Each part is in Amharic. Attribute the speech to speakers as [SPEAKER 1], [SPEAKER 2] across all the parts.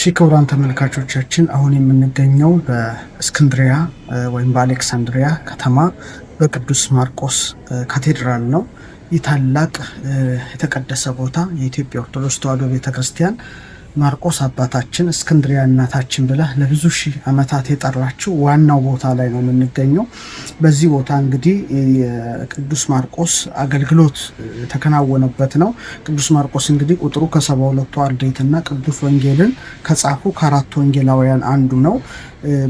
[SPEAKER 1] እሺ ክቡራን ተመልካቾቻችን አሁን የምንገኘው በእስክንድሪያ ወይም በአሌክሳንድሪያ ከተማ በቅዱስ ማርቆስ ካቴድራል ነው። ይህ ታላቅ የተቀደሰ ቦታ የኢትዮጵያ ኦርቶዶክስ ተዋሕዶ ቤተክርስቲያን ማርቆስ አባታችን እስክንድሪያ እናታችን ብላ ለብዙ ሺህ ዓመታት የጠራችው ዋናው ቦታ ላይ ነው የምንገኘው። በዚህ ቦታ እንግዲህ የቅዱስ ማርቆስ አገልግሎት የተከናወነበት ነው። ቅዱስ ማርቆስ እንግዲህ ቁጥሩ ከሰባ ሁለቱ አርድእትና ቅዱስ ወንጌልን ከጻፉ ከአራት ወንጌላውያን አንዱ ነው።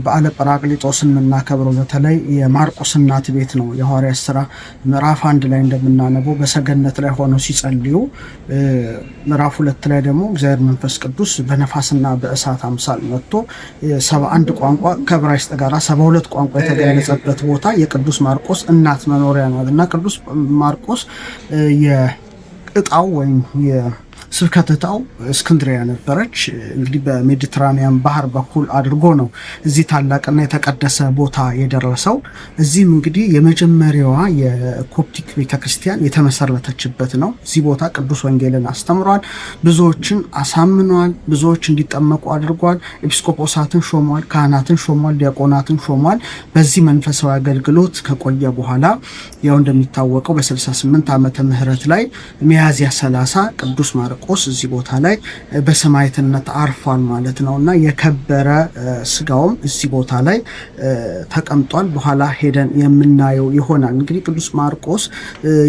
[SPEAKER 1] በዓለ ጰራቅሊጦስን የምናከብረው በተለይ የማርቆስ እናት ቤት ነው። የሐዋርያት ስራ ምዕራፍ አንድ ላይ እንደምናነበው በሰገነት ላይ ሆነው ሲጸልዩ፣ ምዕራፍ ሁለት ላይ ደግሞ እግዚአብሔር መንፈስ ቅዱስ በነፋስና በእሳት አምሳል መጥቶ ሰባ አንድ ቋንቋ ከዕብራይስጥ ጋር ሰባ ሁለት ቋንቋ የተገለጸበት ቦታ የቅዱስ ማርቆስ እናት መኖሪያ ናት እና ቅዱስ ማርቆስ የእጣው ወይም ስብከትታው እስክንድሪያ ነበረች። እንግዲህ በሜዲትራኒያን ባህር በኩል አድርጎ ነው እዚህ ታላቅና የተቀደሰ ቦታ የደረሰው። እዚህም እንግዲህ የመጀመሪያዋ የኮፕቲክ ቤተክርስቲያን የተመሰረተችበት ነው። እዚህ ቦታ ቅዱስ ወንጌልን አስተምሯል፣ ብዙዎችን አሳምኗል፣ ብዙዎች እንዲጠመቁ አድርጓል። ኤጲስቆጶሳትን ሾሟል፣ ካህናትን ሾሟል፣ ዲያቆናትን ሾሟል። በዚህ መንፈሳዊ አገልግሎት ከቆየ በኋላ ያው እንደሚታወቀው በ68 ዓመተ ምህረት ላይ ሚያዝያ 30 ቅዱስ ማረ ዲያቆስ እዚህ ቦታ ላይ በሰማዕትነት አርፏል ማለት ነው እና የከበረ ስጋውም እዚህ ቦታ ላይ ተቀምጧል። በኋላ ሄደን የምናየው ይሆናል። እንግዲህ ቅዱስ ማርቆስ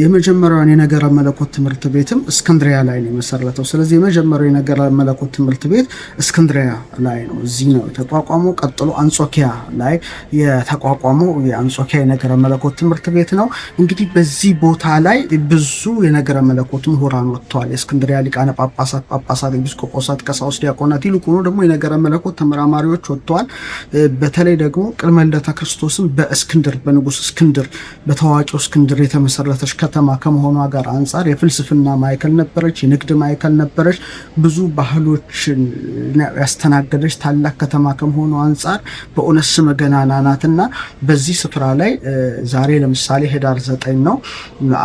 [SPEAKER 1] የመጀመሪያውን የነገረ መለኮት ትምህርት ቤትም እስክንድሪያ ላይ ነው የመሰረተው። ስለዚህ የመጀመሪያው የነገረ መለኮት ትምህርት ቤት እስክንድሪያ ላይ ነው፣ እዚህ ነው የተቋቋመው። ቀጥሎ አንጾኪያ ላይ የተቋቋመው የአንጾኪያ የነገረ መለኮት ትምህርት ቤት ነው። እንግዲህ በዚህ ቦታ ላይ ብዙ የነገረ መለኮት ምሁራን ወጥተዋል። የእስክንድሪያ ሊቃ ሊቃነ ጳጳሳት፣ ጳጳሳት፣ ኤጲስቆጶሳት፣ ቀሳውስት፣ ዲያቆናት ይልቁኑ ደግሞ የነገረ መለኮት ተመራማሪዎች ወጥተዋል። በተለይ ደግሞ ቅድመ ልደተ ክርስቶስን በእስክንድር በንጉስ እስክንድር በታዋቂው እስክንድር የተመሰረተች ከተማ ከመሆኗ ጋር አንጻር የፍልስፍና ማዕከል ነበረች፣ የንግድ ማዕከል ነበረች፣ ብዙ ባህሎችን ያስተናገደች ታላቅ ከተማ ከመሆኑ አንጻር በእውነት ስመ ገናና ናትና በዚህ ስፍራ ላይ ዛሬ ለምሳሌ ህዳር ዘጠኝ ነው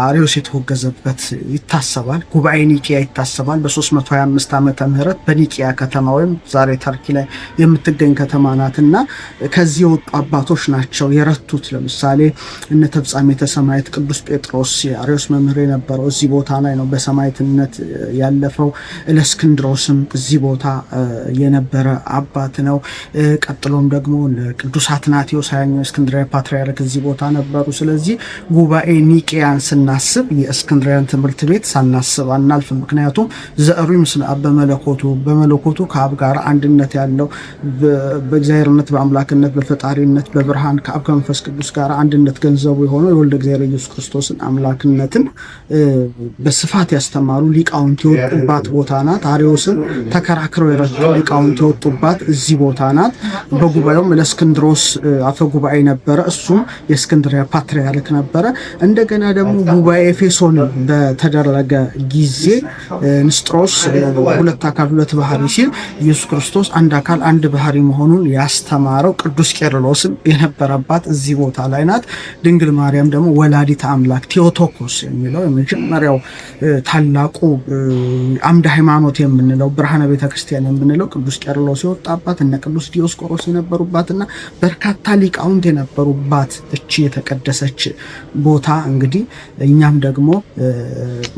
[SPEAKER 1] አሪዮስ የተወገዘበት ይታሰባል። ጉባኤ ኒቄያ ይታሰባል። ተባል በ325 ዓመተ ምህረት በኒቅያ ከተማ ወይም ዛሬ ተርኪ ላይ የምትገኝ ከተማ ናት እና ከዚህ የወጡ አባቶች ናቸው የረቱት። ለምሳሌ እነ ተፍጻሜተ ሰማዕት ቅዱስ ጴጥሮስ የአርዮስ መምህር የነበረው እዚህ ቦታ ላይ ነው በሰማዕትነት ያለፈው። እለእስክንድሮስም እዚህ ቦታ የነበረ አባት ነው። ቀጥሎም ደግሞ ቅዱስ አትናቴዎስ ሀያኛው የእስክንድሪያ ፓትርያርክ እዚህ ቦታ ነበሩ። ስለዚህ ጉባኤ ኒቅያን ስናስብ የእስክንድሪያን ትምህርት ቤት ሳናስብ አናልፍ። ምክንያቱም ዘሩ ምስለ አብ በመለኮቱ በመለኮቱ ከአብ ጋር አንድነት ያለው በእግዚአብሔርነት በአምላክነት በፈጣሪነት በብርሃን ከአብ ከመንፈስ ቅዱስ ጋር አንድነት ገንዘቡ የሆነው የወልደ እግዚአብሔር ኢየሱስ ክርስቶስን አምላክነትን በስፋት ያስተማሩ ሊቃውንት የወጡባት ቦታ ናት። አሪዎስን ተከራክረው የረቱ ሊቃውንት የወጡባት እዚህ ቦታ ናት። በጉባኤውም ለእስክንድሮስ አፈ ጉባኤ ነበረ። እሱም የእስክንድሪያ ፓትርያርክ ነበረ። እንደገና ደግሞ ጉባኤ ኤፌሶን በተደረገ ጊዜ ንስጥሮስ ሁለት አካል ሁለት ባህሪ ሲል ኢየሱስ ክርስቶስ አንድ አካል አንድ ባህሪ መሆኑን ያስተማረው ቅዱስ ቄርሎስም የነበረባት እዚህ ቦታ ላይ ናት። ድንግል ማርያም ደግሞ ወላዲት አምላክ ቴዎቶኮስ የሚለው የመጀመሪያው ታላቁ አምደ ሃይማኖት የምንለው ብርሃነ ቤተክርስቲያን የምንለው ቅዱስ ቄርሎስ የወጣባት እነ ቅዱስ ዲዮስቆሮስ የነበሩባትና በርካታ ሊቃውንት የነበሩባት እቺ የተቀደሰች ቦታ እንግዲህ እኛም ደግሞ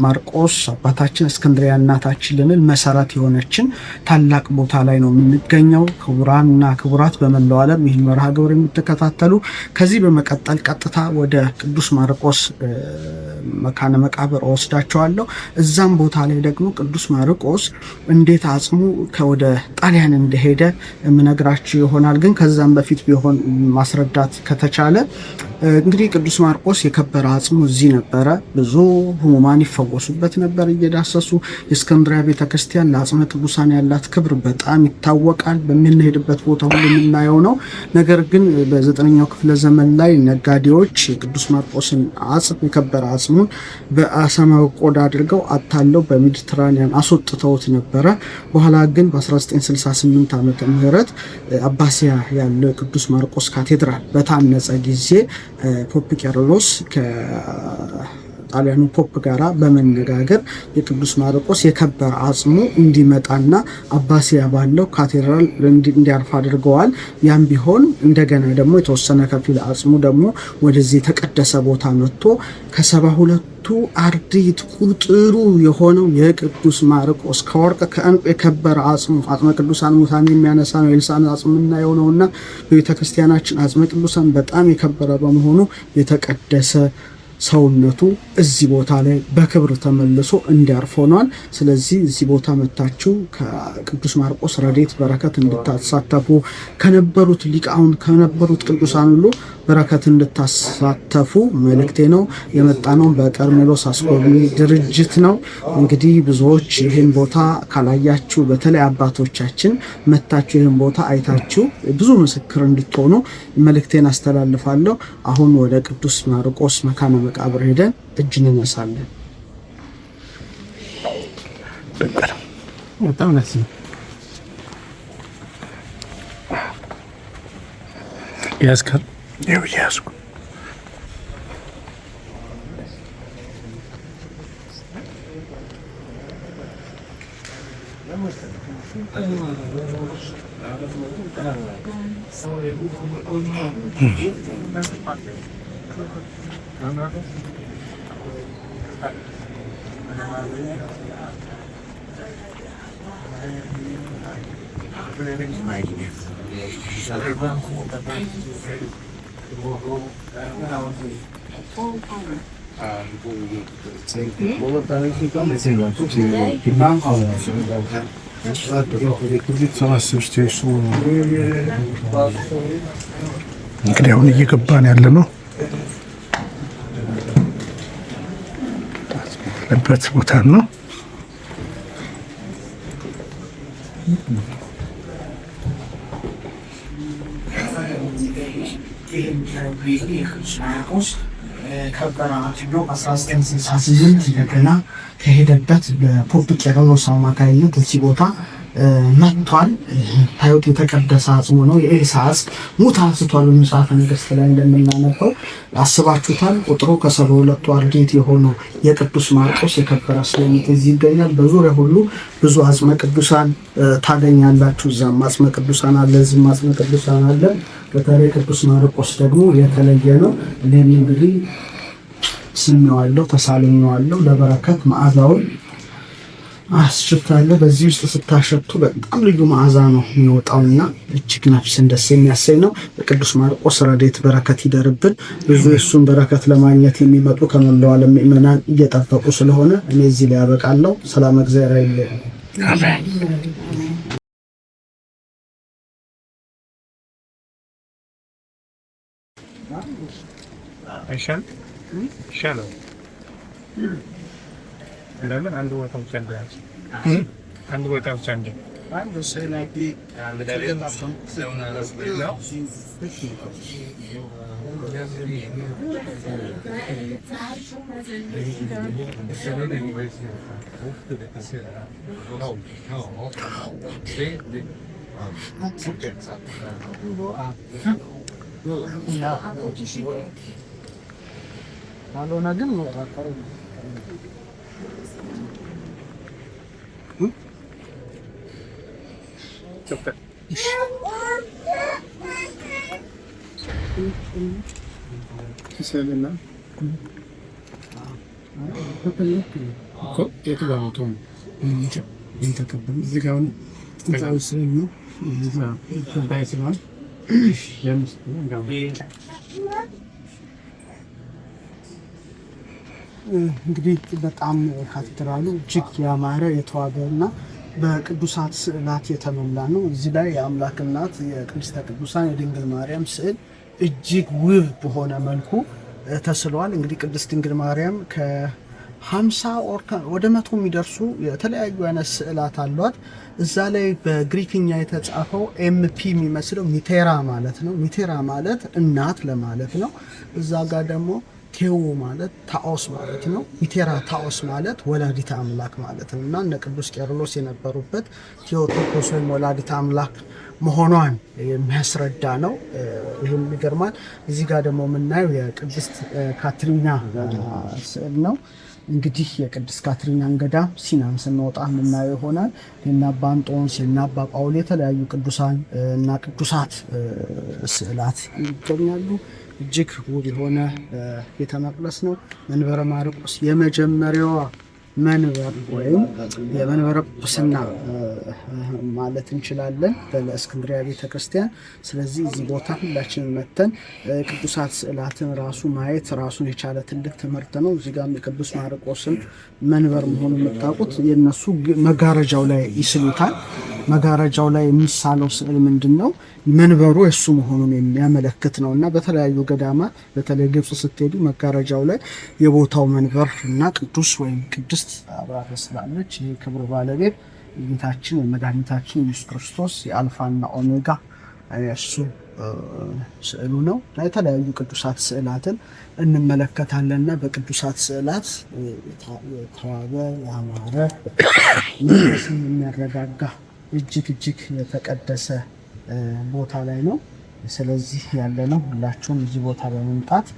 [SPEAKER 1] ማርቆስ አባታችን እስክንድሪያ እናታችን ልንል መሰረት የሆነችን ታላቅ ቦታ ላይ ነው የምንገኘው። ክቡራንና ክቡራት በመላው ዓለም ይህን መርሃ ግብር የምትከታተሉ ከዚህ በመቀጠል ቀጥታ ወደ ቅዱስ ማርቆስ መካነ መቃብር ወስዳቸዋለሁ። እዛም ቦታ ላይ ደግሞ ቅዱስ ማርቆስ እንዴት አጽሙ ከወደ ጣሊያን እንደሄደ የምነግራችሁ ይሆናል። ግን ከዛም በፊት ቢሆን ማስረዳት ከተቻለ እንግዲህ ቅዱስ ማርቆስ የከበረ አጽሙ እዚህ ነበረ። ብዙ ህሙማን ይፈወሱበት ነበር እየዳሰሱ። የእስክንድሪያ ቤተክርስቲያን ለአጽመ ቅዱሳን ያላት ክብር በጣም ይታወቃል። በምንሄድበት ቦታ ሁሉ የምናየው ነው። ነገር ግን በዘጠነኛው ክፍለ ዘመን ላይ ነጋዴዎች የቅዱስ ማርቆስን አጽም የከበረ አጽሙን በአሰማ ቆዳ አድርገው አታለው በሜዲትራኒያን አስወጥተውት ነበረ። በኋላ ግን በ1968 ዓመተ ምህረት አባሲያ ያለው የቅዱስ ማርቆስ ካቴድራል በታነጸ ጊዜ ፖፕ ቄርሎስ ከጣሊያኑ ፖፕ ጋር በመነጋገር የቅዱስ ማርቆስ የከበረ አጽሙ እንዲመጣና አባሲያ ባለው ካቴድራል እንዲያርፍ አድርገዋል። ያም ቢሆን እንደገና ደግሞ የተወሰነ ከፊል አጽሙ ደግሞ ወደዚህ የተቀደሰ ቦታ መጥቶ ከሰባ ሁለቱ አርድእት ቁጥሩ የሆነው የቅዱስ ማርቆስ ከወርቅ ከእንቁ የከበረ አጽሙ አጽመ ቅዱሳን ሙታን የሚያነሳ ነው። የልሳን አጽምና የሆነውና በቤተክርስቲያናችን አጽመ ቅዱሳን በጣም የከበረ በመሆኑ የተቀደሰ ሰውነቱ እዚህ ቦታ ላይ በክብር ተመልሶ እንዲያርፍ ሆኗል። ስለዚህ እዚህ ቦታ መታችሁ ከቅዱስ ማርቆስ ረድኤት በረከት እንድታሳተፉ ከነበሩት ሊቃውን ከነበሩት ቅዱሳን ሁሉ በረከት እንድታሳተፉ መልእክቴ ነው። የመጣ ነው በቀርሜሎስ አስጎብኚ ድርጅት ነው። እንግዲህ ብዙዎች ይህን ቦታ ካላያችሁ፣ በተለይ አባቶቻችን መታችሁ ይህን ቦታ አይታችሁ ብዙ ምስክር እንድትሆኑ መልእክቴን አስተላልፋለሁ። አሁን ወደ ቅዱስ ማርቆስ መካነ መቃብር ሄደን እጅ እንነሳለን። በጣም ደስ ነው። ያዝካል? ይኸው እያዝኩ Ne neredesin? Creiamo un'iglia campane all'anno? ያለበት ቦታ ነው። ከበራ ከበራቸው 1968 እንደገና ከሄደበት በፖፕ ቄርሎስ አማካኝነት እዚህ ቦታ መጥቷል። ታዩት የተቀደሰ አጽሙ ነው። የኤልሳ አጽም ሙት አንስቷል። በመጽሐፈ ነገሥት ላይ እንደምናነበው አስባችሁታል። ቁጥሩ ከሰባ ሁለቱ አርድእት የሆነው የቅዱስ ማርቆስ የከበረ ስለሚት እዚህ ይገኛል። በዙሪያ ሁሉ ብዙ አጽመ ቅዱሳን ታገኛላችሁ። እዛም አጽመ ቅዱሳን አለ፣ እዚህም አጽመ ቅዱሳን አለ። በተለይ ቅዱስ ማርቆስ ደግሞ የተለየ ነው። እኔም እንግዲህ ስሜዋለሁ፣ ተሳልሜዋለሁ ለበረከት መዓዛውን አስሽታለሁ። በዚህ ውስጥ ስታሸቱ በጣም ልዩ መዓዛ ነው የሚወጣውና እጅግ ነፍስን ደስ የሚያሰኝ ነው። በቅዱስ ማርቆስ ረድኤት በረከት ይደርብን። ብዙ የእሱን በረከት ለማግኘት የሚመጡ ከመላው ዓለም ምዕመናን እየጠበቁ ስለሆነ እኔ እዚህ ላይ ያበቃለሁ። ሰላም እግዚአብሔር አይለይ anh 11 and 1000 grams. Hmm? And 1000. I'm just saying like the medallion of some now. Hello, Nagin. Çok da. Ko, ito ba ang tong? Hindi ka. Hindi ka ka. Hindi ka. Hindi ka. Hindi ka. Hindi ka. Yalnız እንግዲህ በጣም ካቴድራሉ እጅግ ያማረ የተዋበ እና በቅዱሳት ስዕላት የተሞላ ነው። እዚህ ላይ የአምላክ እናት የቅድስተ ቅዱሳን የድንግል ማርያም ስዕል እጅግ ውብ በሆነ መልኩ ተስሏል። እንግዲህ ቅድስት ድንግል ማርያም ከ ከሀምሳ ወደ መቶ የሚደርሱ የተለያዩ አይነት ስዕላት አሏት። እዛ ላይ በግሪክኛ የተጻፈው ኤምፒ የሚመስለው ሚቴራ ማለት ነው። ሚቴራ ማለት እናት ለማለት ነው። እዛ ጋር ደግሞ ቴዎ ማለት ታኦስ ማለት ነው። ሚቴራ ታኦስ ማለት ወላዲተ አምላክ ማለት ነው እና እነ ቅዱስ ቄርሎስ የነበሩበት ቴዎቶኮስ ወይም ወላዲተ አምላክ መሆኗን የሚያስረዳ ነው። ይህም ይገርማል። እዚህ ጋር ደግሞ የምናየው የቅድስት ካትሪና ስዕል ነው። እንግዲህ የቅድስት ካትሪናን ገዳም ሲናን ስንወጣ የምናየው ይሆናል። የእነ አባ እንጦንስ የእነ አባ ጳውል የተለያዩ ቅዱሳን እና ቅዱሳት ስዕላት ይገኛሉ። እጅግ ውብ የሆነ ቤተ መቅደስ ነው። መንበረ ማርቆስ የመጀመሪያዋ መንበር ወይም የመንበረ ቁስና ማለት እንችላለን በእስክንድሪያ ቤተክርስቲያን። ስለዚህ እዚህ ቦታ ሁላችንም መተን ቅዱሳት ስዕላትን ራሱ ማየት ራሱን የቻለ ትልቅ ትምህርት ነው። እዚህ ጋም የቅዱስ ማርቆስን መንበር መሆኑ የምታውቁት የእነሱ መጋረጃው ላይ ይስሉታል። መጋረጃው ላይ የሚሳለው ስዕል ምንድን ነው? መንበሩ የእሱ መሆኑን የሚያመለክት ነው እና በተለያዩ ገዳማት በተለይ ግብፅ ስትሄዱ መጋረጃው ላይ የቦታው መንበር እና ቅዱስ ወይም ቅድስት ቅድስት አብራተ ስላለች ይህ ክብር ባለቤት ጌታችን የመድኃኒታችን ኢየሱስ ክርስቶስ የአልፋና ኦሜጋ እሱ ስዕሉ ነው የተለያዩ ቅዱሳት ስዕላትን እና በቅዱሳት ስዕላት የተዋበ ያማረ መንፈስን የሚያረጋጋ እጅግ እጅግ የተቀደሰ ቦታ ላይ ነው። ስለዚህ ያለ ነው። ሁላችሁም እዚህ ቦታ በመምጣት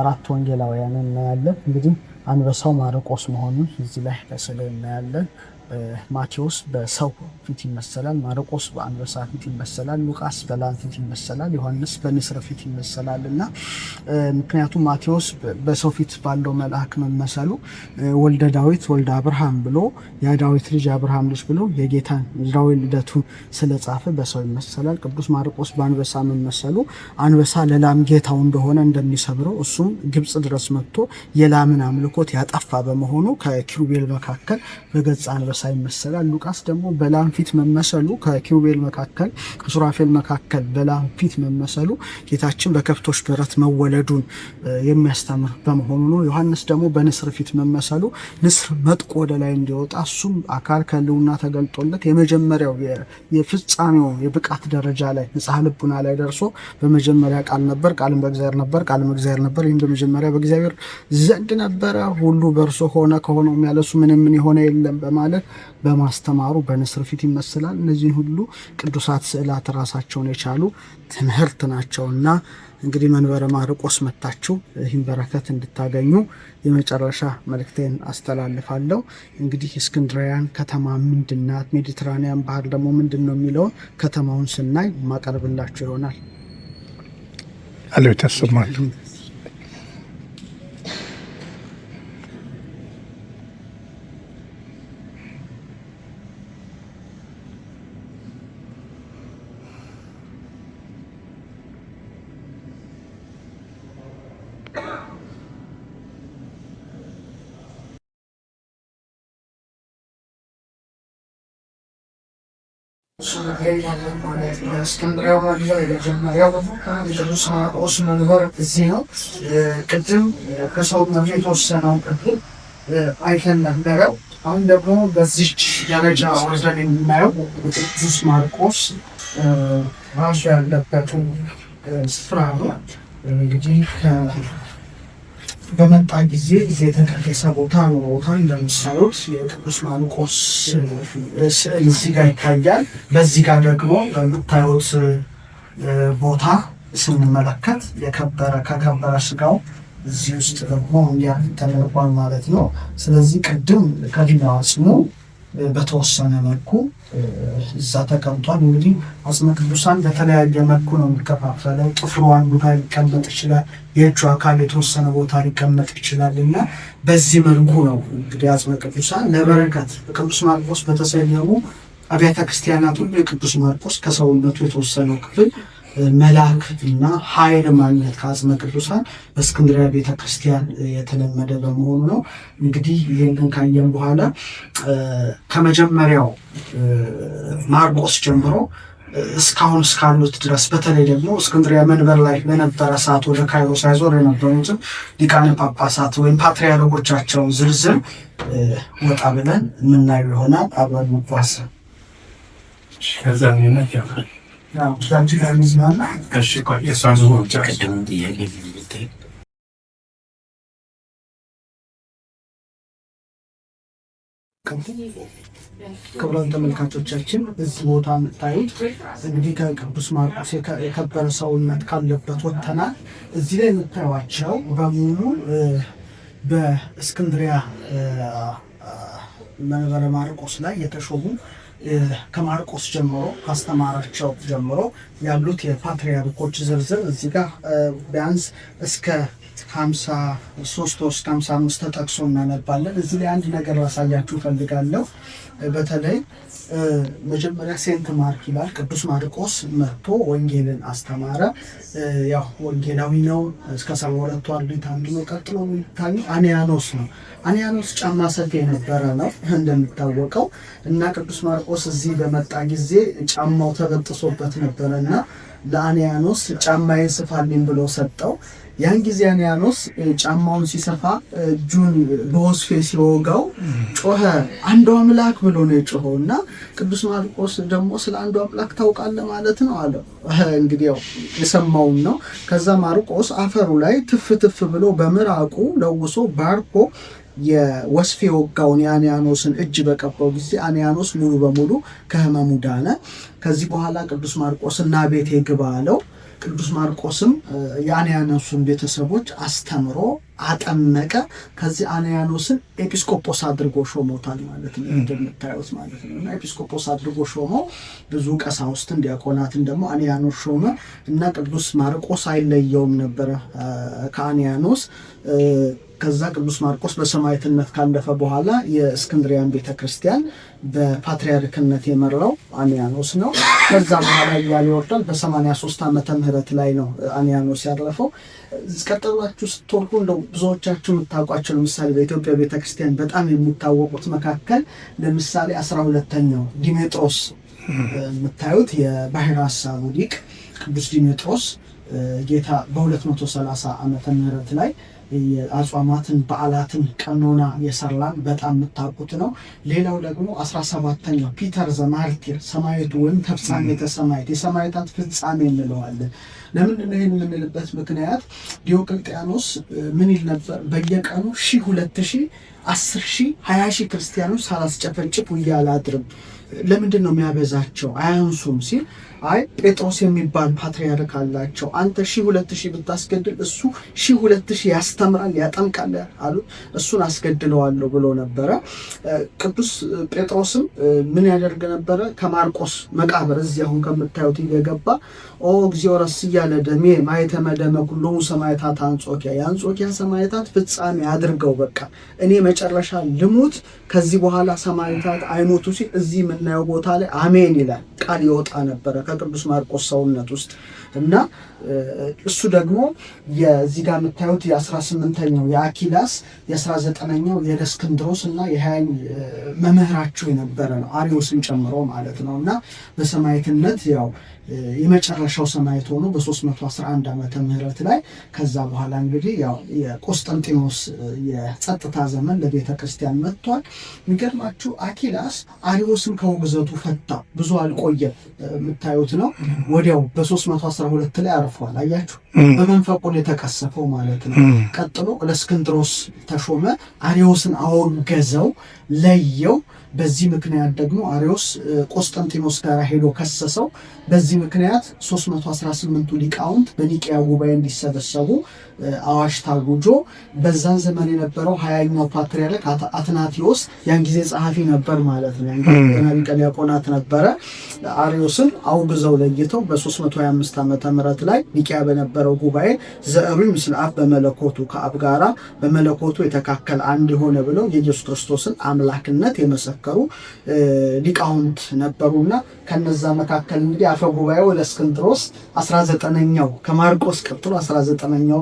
[SPEAKER 1] አራት ወንጌላውያንን እናያለን እንግዲህ አንበሳው ማርቆስ መሆኑን እዚህ ላይ ከስዕሉ እናያለን። ማቴዎስ በሰው ፊት ይመሰላል፣ ማርቆስ በአንበሳ ፊት ይመሰላል፣ ሉቃስ በላም ፊት ይመሰላል፣ ዮሐንስ በንስር ፊት ይመሰላል እና ምክንያቱም ማቴዎስ በሰው ፊት ባለው መልአክ መመሰሉ ወልደ ዳዊት ወልደ አብርሃም ብሎ የዳዊት ልጅ አብርሃም ልጅ ብሎ የጌታን ዳዊት ልደቱን ስለጻፈ በሰው ይመሰላል። ቅዱስ ማርቆስ በአንበሳ መመሰሉ አንበሳ ለላም ጌታው እንደሆነ እንደሚሰብረው እሱም ግብፅ ድረስ መጥቶ የላምን አምልኮት ያጠፋ በመሆኑ ከኪሩቤል መካከል በገጽ አንበሳ ይመሰላል። ሉቃስ ደግሞ በላም ፊት መመሰሉ ከኪሩቤል መካከል ከሱራፌል መካከል በላም ፊት መመሰሉ ጌታችን በከብቶች በረት መወለዱን የሚያስተምር በመሆኑ ነው። ዮሐንስ ደግሞ በንስር ፊት መመሰሉ ንስር መጥቆ ወደ ላይ እንዲወጣ እሱም አካል ከልውና ተገልጦለት የመጀመሪያው የፍጻሜው የብቃት ደረጃ ላይ ንጽሐ ልቡና ላይ ደርሶ በመጀመሪያ ቃል ነበር፣ ቃልም በእግዚአብሔር ነበር፣ ቃልም እግዚአብሔር ነበር፣ ይህም በመጀመሪያ በእግዚአብሔር ዘንድ ነበረ፣ ሁሉ በእርሶ ሆነ፣ ከሆነውም ያለ እርሱ ምንም ምን የሆነ የለም በማለት በማስተማሩ በንስር ፊት ይመስላል። እነዚህን ሁሉ ቅዱሳት ስዕላት ራሳቸውን የቻሉ ትምህርት እና እንግዲህ መንበረ ማርቆስ መታችሁ ይህን በረከት እንድታገኙ የመጨረሻ መልእክቴን አስተላልፋለሁ። እንግዲህ እስክንድሪያን ከተማ ምንድናት፣ ሜዲትራኒያን ባህር ደግሞ ምንድን ነው የሚለውን ከተማውን ስናይ ማቀርብላችሁ ይሆናል። አለቤት ተስማል የእስክንድሪያው መግቢያው የመጀመሪያው የቅዱስ ማርቆስ መንበር እዚህ ነው። ቅድም ከሰው መብት የተወሰነውን ቅድም አይተን ነበረው። አሁን ደግሞ በዚች ደረጃ ወርደን የምናየው ቅዱስ ማርቆስ ራሱ ያለበትን ስፍራ ነው እንግዲህ በመጣ ጊዜ የተቀደሰ ቦታ ነው። ቦታ እንደምሳሉት የቅዱስ ማርቆስ ስዕል እዚህ ጋር ይታያል። በዚህ ጋር ደግሞ በምታዩት ቦታ ስንመለከት የከበረ ከከበረ ስጋው እዚህ ውስጥ ደግሞ እንዲያ ተደርጓል ማለት ነው። ስለዚህ ቅድም ከዲናዋስ ነው በተወሰነ መልኩ እዛ ተቀምጧል። እንግዲህ አጽመ ቅዱሳን በተለያየ መልኩ ነው የሚከፋፈለው። ጥፍሩ አንዱ ጋር ሊቀመጥ ይችላል፣ የእጁ አካል የተወሰነ ቦታ ሊቀመጥ ይችላል እና በዚህ መልኩ ነው እንግዲህ አጽመ ቅዱሳን ለበረከት ቅዱስ ማርቆስ በተሰየሙ አብያተ ክርስቲያናት ሁሉ የቅዱስ ማርቆስ ከሰውነቱ የተወሰነው ክፍል መላክ እና ኃይል ማግኘት ከአጽመ ቅዱሳን በእስክንድሪያ ቤተክርስቲያን የተለመደ በመሆኑ ነው። እንግዲህ ይህንን ካየን በኋላ ከመጀመሪያው ማርቆስ ጀምሮ እስካሁን እስካሉት ድረስ በተለይ ደግሞ እስክንድሪያ መንበር ላይ በነበረ ሰዓት ወደ ካይሮ ሳይዞር የነበሩትም ሊቃነ ጳጳሳት ወይም ፓትርያርኮቻቸው ዝርዝር ወጣ ብለን የምናየው ይሆናል። አብረን መጓዝ ከዛ ክቡራን ተመልካቾቻችን እዚህ ቦታ የምታዩት እንግዲህ ከቅዱስ ማርቆስ የከበረ ሰውነት ካለበት ወጥተናል። እዚህ ላይ የምታዩቸው በሙሉ በእስክንድሪያ መንበረ ማርቆስ ላይ የተሾሙ ከማርቆስ ጀምሮ ካስተማራቸው ጀምሮ ያሉት የፓትሪያርኮች ዝርዝር እዚህ ጋር ቢያንስ እስከ ሀምሳ ሶስት እስከ ሀምሳ አምስት ተጠቅሶ እናነባለን። እዚህ ላይ አንድ ነገር ላሳያችሁ ፈልጋለሁ በተለይ መጀመሪያ ሴንት ማርክ ይላል ቅዱስ ማርቆስ መጥቶ ወንጌልን አስተማረ። ያው ወንጌላዊ ነው። እስከ ሰባ ሁለቱ አርድእት አንዱ ነው። ቀጥሎ የሚታዩ አንያኖስ ነው። አንያኖስ ጫማ ሰፊ የነበረ ነው እንደሚታወቀው እና ቅዱስ ማርቆስ እዚህ በመጣ ጊዜ ጫማው ተበጥሶበት ነበረ እና ለአንያኖስ ጫማዬን ስፋልኝ ብሎ ሰጠው። ያን ጊዜ ያኖስ ጫማውን ሲሰፋ እጁን በወስፌ ሲወጋው ጮኸ፣ አንዱ አምላክ ብሎ ነው የጮኸው። እና ቅዱስ ማርቆስ ደግሞ ስለ አንዱ አምላክ ታውቃለህ ማለት ነው አለ። እንግዲህ ያው የሰማውም ነው። ከዛ ማርቆስ አፈሩ ላይ ትፍ ትፍ ብሎ በምራቁ ለውሶ ባርኮ የወስፌ ወጋውን የአንያኖስን እጅ በቀባው ጊዜ አንያኖስ ሙሉ በሙሉ ከህመሙ ዳነ። ከዚህ በኋላ ቅዱስ ማርቆስ እና ቤቴ ግባ አለው። ቅዱስ ማርቆስም የአንያኖስን ቤተሰቦች አስተምሮ አጠመቀ። ከዚህ አንያኖስን ኤጲስቆጶስ አድርጎ ሾሞታል ማለት ነው፣ እንደምታዩት ማለት ነው። እና ኤጲስቆጶስ አድርጎ ሾሞ ብዙ ቀሳውስትን ዲያቆናትን ደግሞ አንያኖስ ሾመ እና ቅዱስ ማርቆስ አይለየውም ነበረ ከአንያኖስ ከዛ ቅዱስ ማርቆስ በሰማዕትነት ካለፈ በኋላ የእስክንድሪያን ቤተ ክርስቲያን በፓትሪያርክነት የመራው አንያኖስ ነው። ከዛ በኋላ እያለ ይወርዳል። በ83 ዓመተ ምህረት ላይ ነው አንያኖስ ያረፈው። ቀጥላችሁ ስትወርዱ እንደው ብዙዎቻችሁ የምታውቋቸው ለምሳሌ በኢትዮጵያ ቤተ ክርስቲያን በጣም የሚታወቁት መካከል ለምሳሌ 12ተኛው ዲሜጥሮስ የምታዩት የባህር ሀሳቡ ሊቅ ቅዱስ ዲሜጥሮስ ጌታ በ230 ዓመተ ምህረት ላይ የአጽዋማትን በዓላትን ቀኖና የሰራን በጣም የምታውቁት ነው። ሌላው ደግሞ አስራ ሰባተኛው ፒተር ዘማርቲር ሰማየቱ ወይም ተፍጻሜተ ሰማዕት የሰማየታት ፍጻሜ እንለዋለን። ለምንድን ነው ይህን የምንልበት ምክንያት ዲዮቅልጥያኖስ ምን ይል ነበር? በየቀኑ ሺ ሁለት ሺ አስር ሺ ሀያ ሺ ክርስቲያኖች ሳላስጨፈጭፍ ውዬ አላድርም። ለምንድን ነው የሚያበዛቸው አያንሱም ሲል አይ ጴጥሮስ የሚባል ፓትርያርክ አላቸው፣ አንተ ሺህ ሁለት ሺ ብታስገድል እሱ ሺ ሁለት ሺ ያስተምራል ያጠምቃል አሉት። እሱን አስገድለዋለሁ ብሎ ነበረ። ቅዱስ ጴጥሮስም ምን ያደርግ ነበረ? ከማርቆስ መቃብር እዚህ አሁን ከምታዩት እየገባ ኦ እግዚኦ ረስያ ለደሜ ማኅተመ ደመ ኩሎሙ ሰማዕታት አንጾኪያ የአንጾኪያ ሰማዕታት ፍጻሜ አድርገው በቃ እኔ መጨረሻ ልሙት፣ ከዚህ በኋላ ሰማዕታት አይሞቱ ሲል እዚህ የምናየው ቦታ ላይ አሜን ይላል ቃል ይወጣ ነበረ ከቅዱስ ማርቆስ ሰውነት ውስጥ እና እሱ ደግሞ የዚህ ጋር የምታዩት የ18ኛው የአኪላስ የ19ኛው የደስክንድሮስ እና የሀያኝ መምህራቸው የነበረ ነው አሪዎስን ጨምሮ ማለት ነው እና በሰማዕትነት ያው የመጨረሻው ሰማዕት ሆኖ በ311 ዓመተ ምህረት ላይ ከዛ በኋላ እንግዲህ ያው የቆስጠንጢኖስ የጸጥታ ዘመን ለቤተ ክርስቲያን መጥቷል። የሚገርማችሁ አኪላስ አሪዎስን ከውግዘቱ ፈታ። ብዙ አልቆየም፣ የምታዩት ነው። ወዲያው በ312 ላይ አርፏል። አያችሁ፣ በመንፈቁን የተቀሰፈው ማለት ነው። ቀጥሎ ለእስክንድሮስ ተሾመ፣ አሪዎስን አወገዘው። ለየው። በዚህ ምክንያት ደግሞ አሪዎስ ቆስጠንቲኖስ ጋር ሄዶ ከሰሰው። በዚህ ምክንያት 318ቱ ሊቃውንት በኒቅያ ጉባኤ እንዲሰበሰቡ አዋጅ ታውጆ በዛን ዘመን የነበረው ሀያኛው ፓትርያርክ አትናቴዎስ ያን ጊዜ ጸሐፊ ነበር ማለት ነው። ያን ጊዜ ዲያቆናት ነበረ። አሪዎስን አውግዘው ለይተው በ325 ዓመተ ምህረት ላይ ኒቅያ በነበረው ጉባኤ ዘዕሩይ ምስለ አብ በመለኮቱ ከአብ ጋራ በመለኮቱ የተካከል አንድ የሆነ ብለው የኢየሱስ ክርስቶስን አምላክነት የመሰከሩ ሊቃውንት ነበሩና ከነዛ መካከል እንግዲህ አፈ ጉባኤው ለእስክንድሮስ 19ኛው ከማርቆስ ቀጥሎ 19ኛው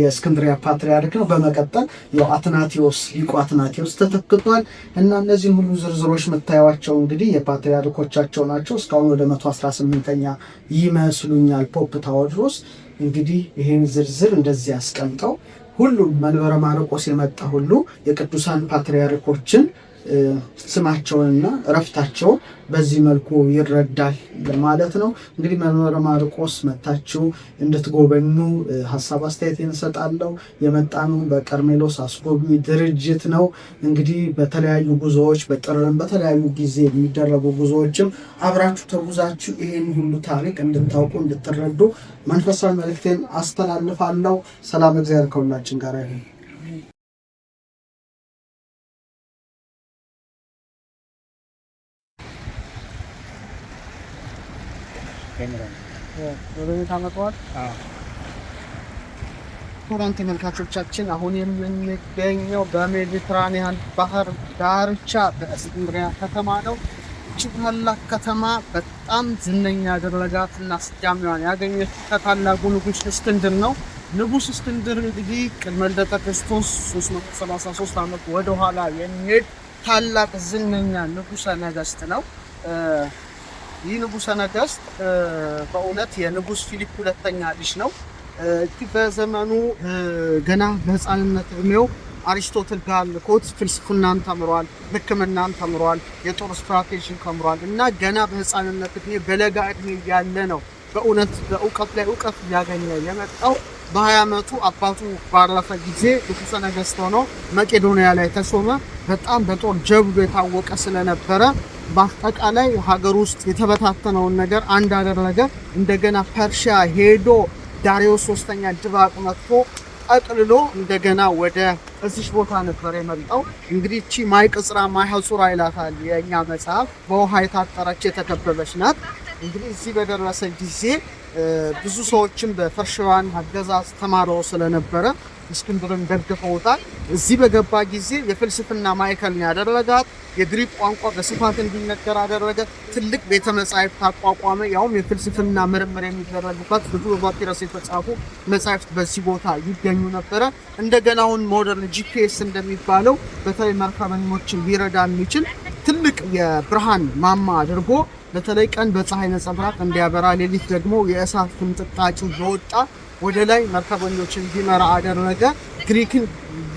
[SPEAKER 1] የእስክንድሪያ ፓትሪያርክ ነው። በመቀጠል ያው አትናቴዎስ ሊቁ አትናቴዎስ ተተክቷል። እና እነዚህን ሁሉ ዝርዝሮች የምታዩቸው እንግዲህ የፓትሪያርኮቻቸው ናቸው። እስካሁን ወደ 118ኛ ይመስሉኛል ፖፕ ታዋድሮስ እንግዲህ ይህን ዝርዝር እንደዚህ ያስቀምጠው። ሁሉም መንበረ ማርቆስ የመጣ ሁሉ የቅዱሳን ፓትርያርኮችን ስማቸውንና እረፍታቸውን በዚህ መልኩ ይረዳል ማለት ነው። እንግዲህ መንበረ ማርቆስ መታችሁ እንድትጎበኙ ሀሳብ አስተያየት እንሰጣለሁ። የመጣኑ በቀርሜሎስ አስጎብኚ ድርጅት ነው። እንግዲህ በተለያዩ ጉዞዎች በጥርን በተለያዩ ጊዜ የሚደረጉ ጉዞዎችም አብራችሁ ተጉዛችሁ ይሄን ሁሉ ታሪክ እንድታውቁ እንድትረዱ መንፈሳዊ መልእክቴን አስተላልፋለሁ። ሰላም እግዚአብሔር ከሁላችን ጋር ይሁን። ወደቤት ክቡራን ተመልካቾቻችን አሁን የምንገኘው በሜዲትራኒያን ባህር ዳርቻ በእስክንድሪያ ከተማ ነው። እጅግ ታላቅ ከተማ በጣም ዝነኛ ያደረጋት እና ስያሜዋን ያገኘች ከታላቁ ንጉስ እስክንድር ነው። ንጉስ እስክንድር እንግዲህ ቅድመ ልደተ ክርስቶስ 333 ዓመት ወደኋላ የሚሄድ ታላቅ ዝነኛ ንጉሰ ነገስት ነው። ይህ ንጉሰ ነገስት በእውነት የንጉስ ፊሊፕ ሁለተኛ ልጅ ነው። በዘመኑ ገና በህፃንነት እድሜው አሪስቶትል ጋር ልኮት ፍልስፍናን ተምሯል፣ ሕክምናን ተምሯል፣ የጦር ስትራቴጂን ተምሯል እና ገና በህፃንነት እድሜ በለጋ እድሜ ያለ ነው በእውነት በእውቀት ላይ እውቀት እያገኘ የመጣው በሀያ ዓመቱ አባቱ ባረፈ ጊዜ ንጉሠ ነገሥት ሆኖ መቄዶንያ ላይ ተሾመ። በጣም በጦር ጀብዱ የታወቀ ስለነበረ በአጠቃላይ ሀገር ውስጥ የተበታተነውን ነገር አንድ አደረገ። እንደገና ፐርሺያ ሄዶ ዳሪዮስ ሶስተኛ ድባቅ መጥቶ አቅልሎ እንደገና ወደ እዚሽ ቦታ ነበር የመጣው። እንግዲህ እቺ ማይ ቅጽራ ማይ ሀጹራ ይላታል የእኛ መጽሐፍ። በውሃ የታጠረች የተከበበች ናት። እንግዲህ እዚህ በደረሰ ጊዜ ብዙ ሰዎችም በፈርሻውያን አገዛዝ ተማረው ስለነበረ እስክንድርን ደግፈውታል። እዚህ በገባ ጊዜ የፍልስፍና ማዕከልን ያደረጋት የግሪክ ቋንቋ በስፋት እንዲነገር አደረገ። ትልቅ ቤተ መጻሕፍት አቋቋመ። ያውም የፍልስፍና ምርምር የሚደረግባት ብዙ በፓፒረስ የተጻፉ መጻሕፍት በዚህ ቦታ ይገኙ ነበረ። እንደገና አሁን ሞደርን ጂፒኤስ እንደሚባለው በተለይ መርከበኞችን ሊረዳ የሚችል ትልቅ የብርሃን ማማ አድርጎ በተለይ ቀን በፀሐይ ነጸብራቅ እንዲያበራ፣ ሌሊት ደግሞ የእሳት ፍንጥጣጩ የወጣ ወደ ላይ መርከበኞች እንዲመራ አደረገ። ግሪክን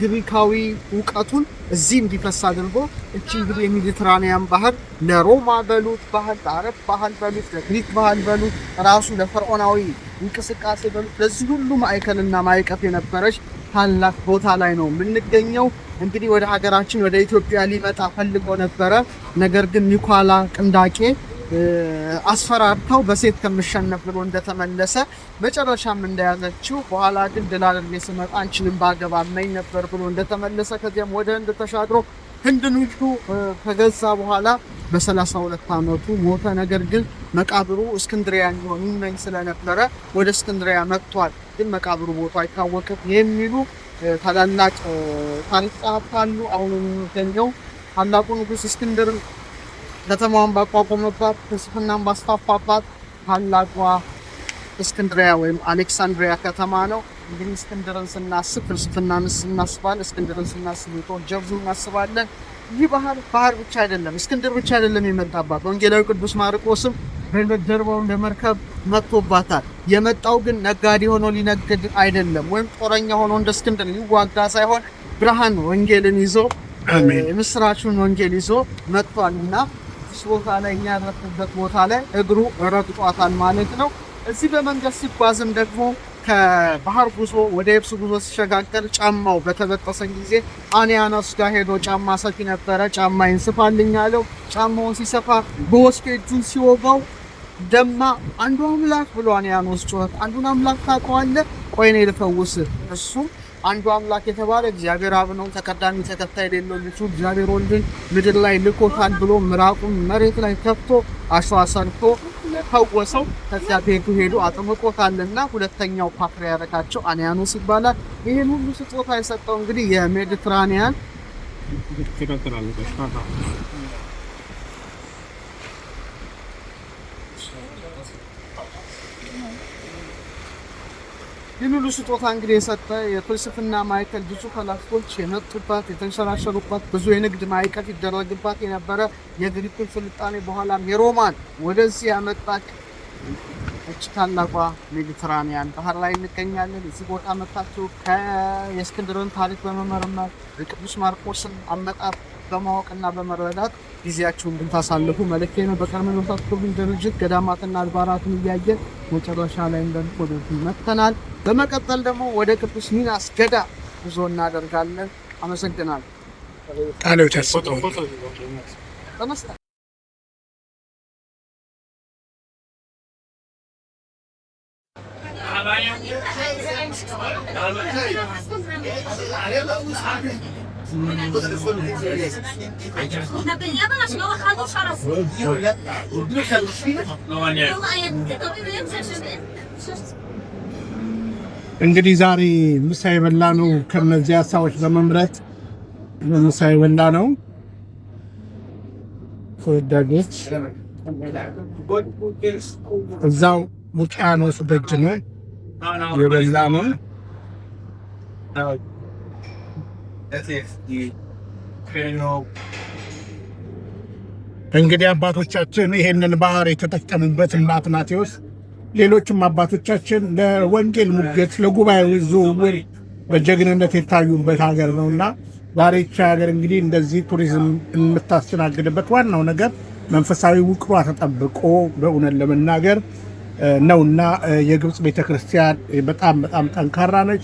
[SPEAKER 1] ግሪካዊ እውቀቱን እዚህ እንዲፈስ አድርጎ እቺ እንግዲህ የሜዲትራኒያን ባህል ለሮማ በሉት ባህል፣ ለአረብ ባህል በሉት፣ ለግሪክ ባህል በሉት፣ ራሱ ለፈርዖናዊ እንቅስቃሴ በሉት፣ ለዚህ ሁሉ ማዕከልና ማዕቀፍ የነበረች ታላቅ ቦታ ላይ ነው የምንገኘው። እንግዲህ ወደ ሀገራችን ወደ ኢትዮጵያ ሊመጣ ፈልጎ ነበረ። ነገር ግን ኒኳላ ቅንዳቄ አስፈራርተው በሴት ከምሸነፍ ብሎ እንደተመለሰ መጨረሻም እንደያዘችው በኋላ ግን ድል አድርጌ ስመጣ አንቺንም ባገባ እመኝ ነበር ብሎ እንደተመለሰ ከዚያም ወደ ህንድ ተሻግሮ ህንድን ሁሉ ከገዛ በኋላ በ32 ዓመቱ ሞተ። ነገር ግን መቃብሩ እስክንድሪያ እንዲሆን ይመኝ ስለነበረ ወደ እስክንድሪያ መጥቷል። ግን መቃብሩ ቦታ አይታወቅም የሚሉ ታላላቅ ታሪክ ጸሐፍት አሉ። አሁን የሚገኘው ታላቁ ንጉሥ እስክንድር ከተማዋን ባቋቋመባት ፍልስፍናን ባስፋፋባት ታላቋ እስክንድሪያ ወይም አሌክሳንድሪያ ከተማ ነው። እንግዲህ እስክንድርን ስናስብ ፍልስፍናን እናስባለን። እስክንድርን ስናስብ የጦር እናስባለን። ይህ ባህር ባህር ብቻ አይደለም፣ እስክንድር ብቻ አይደለም የመጣባት። ወንጌላዊ ቅዱስ ማርቆስም በጀርባው እንደ መርከብ መጥቶባታል። የመጣው ግን ነጋዴ ሆኖ ሊነግድ አይደለም፣ ወይም ጦረኛ ሆኖ እንደ እስክንድር ሊዋጋ ሳይሆን ብርሃን ወንጌልን ይዞ የምስራቹን ወንጌል ይዞ መጥቷል እና አዲስ ቦታ ላይ እኛ ያረፍንበት ቦታ ላይ እግሩ ረግጧታል ማለት ነው። እዚህ በመንገድ ሲጓዝም ደግሞ ከባህር ጉዞ ወደ የብስ ጉዞ ሲሸጋገር ጫማው በተበጠሰን ጊዜ አኒያኖስ ጋር ሄዶ ጫማ ሰፊ ነበረ። ጫማ ይንስፋልኝ አለው። ጫማውን ሲሰፋ በወስፌ እጁን ሲወጋው ደማ አንዱ አምላክ ብሎ አኒያኖስ ጩኸት አንዱን አምላክ ታውቀዋለህ? ቆይኔ ልፈውስ እሱም አንዱ አምላክ የተባለ እግዚአብሔር አብ ነው። ተቀዳሚ ተከታይ የሌለው ልጁ እግዚአብሔር ወልድን ምድር ላይ ልኮታል ብሎ ምራቁን መሬት ላይ ከፍቶ አሸዋ ሰርቶ ፈወሰው። ከዚያ ቤቱ ሄዶ አጥምቆታልና ሁለተኛው ፓትርያርካቸው አንያኖስ ይባላል። ይህን ሁሉ ስጦታ የሰጠው እንግዲህ የሜዲትራኒያን ይህን ሁሉ ስጦታ እንግዲህ የሰጠ የፍልስፍና ማዕከል ብዙ ፈላስፎች የመጡበት የተንሸራሸሩበት ብዙ የንግድ ማዕቀፍ ይደረግባት የነበረ የግሪኩን ስልጣኔ በኋላም የሮማን ወደዚህ ያመጣች እች ታላቋ ሜዲትራኒያን ባህር ላይ እንገኛለን። እዚህ ቦታ መታችሁ የእስክንድርን ታሪክ በመመርመር የቅዱስ ማርቆስን አመጣጥ በማወቅና በመረዳት ጊዜያችሁን ብንታሳልፉ መልእክቴ ነው። በቀድሞ መሳት ቱሪዝም ድርጅት ገዳማትና አድባራትን እያየን መጨረሻ ላይ እንደንቆደቱ መጥተናል። በመቀጠል ደግሞ ወደ ቅዱስ ሚናስ ገዳ ጉዞ እናደርጋለን። አመሰግናለሁ። ጣሊያዎች ያስጠ احنا باللبن عشان هو خده شرف ربنا يخلينا يلا يا طبيب يمشي عشان እንግዲህ ዛሬ ምሳ የበላ ነው ከነዚህ ሀሳቦች በመምረጥ ምሳ የበላ ነው። ተወዳጆች እዛው ውቅያኖስ ደጅ ነው የበላ ነው። እንግዲህ አባቶቻችን ይሄንን ባህር የተጠቀሙበት እናት ማቴዎስ፣ ሌሎችም አባቶቻችን ለወንጌል ሙገት ለጉባኤ ዝውውር በጀግንነት የታዩበት ሀገር ነውና ዛሬ ይህች ሀገር እንግዲህ እንደዚህ ቱሪዝም የምታስተናግድበት ዋናው ነገር መንፈሳዊ ውቅሯ ተጠብቆ በእውነት ለመናገር ነውና የግብፅ ቤተክርስቲያን በጣም በጣም ጠንካራ ነች።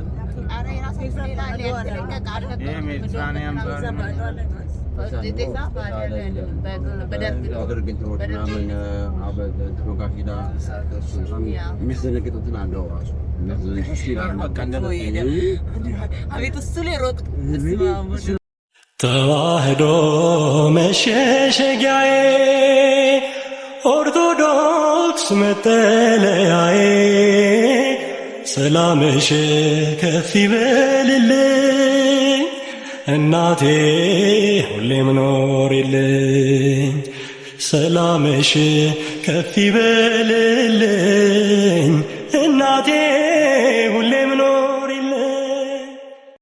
[SPEAKER 1] የሚያስደነግጡትን ተዋህዶ መሸሸጊያዬ ኦርቶዶክስ መጠለያዬ ሰላምሽ ከፍ ይበልልኝ እናቴ ሁሌም ኖሪልኝ። ሰላምሽ ከፍ ይበልልኝ እናቴ ሁሌም